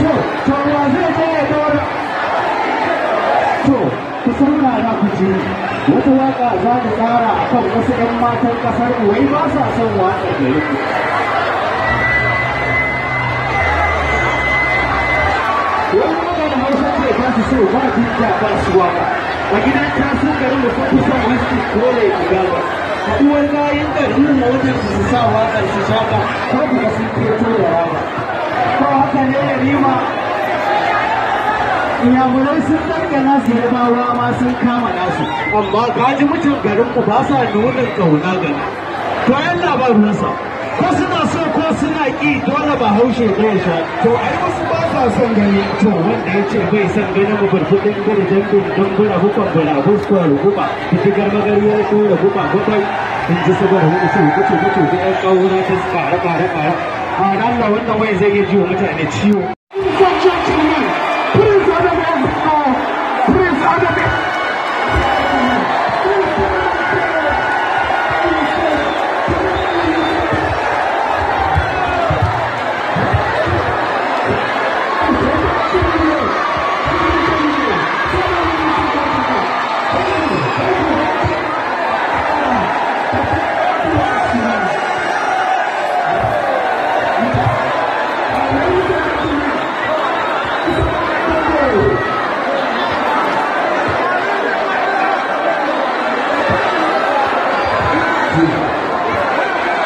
to zai je ya to kusan saurara ku wata waka za ta tsara akan wasu 'yan matan kasar wai ba sa son waƙar da yake su so ba dukiya ba suwa ba a gidan taso garin da kuka son wasu dole ya ga ba uwar bayan na wajen su sa waƙar su shaka ko kuma sun keto da rama inyamurai sun dangana su yabawa ma sun kama nasu amma kaji mutum garin ku ba sa nuna kauna gani to yan labarinsa ko suna so ko suna ƙi dole ba haushe da ya sha to ai wasu ba sa son gani to wanda ya ce bai son gani mu ɗin gari don bin dambura hukun bula buskwa ruguba fitigar magariyar ko ruguba gubai in ji sabar hudu su hukutu hukutu da yan ƙaura ta tsare tsare tsare a ranar wanda wai zai iya ji wa mutane ciwo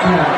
Yeah.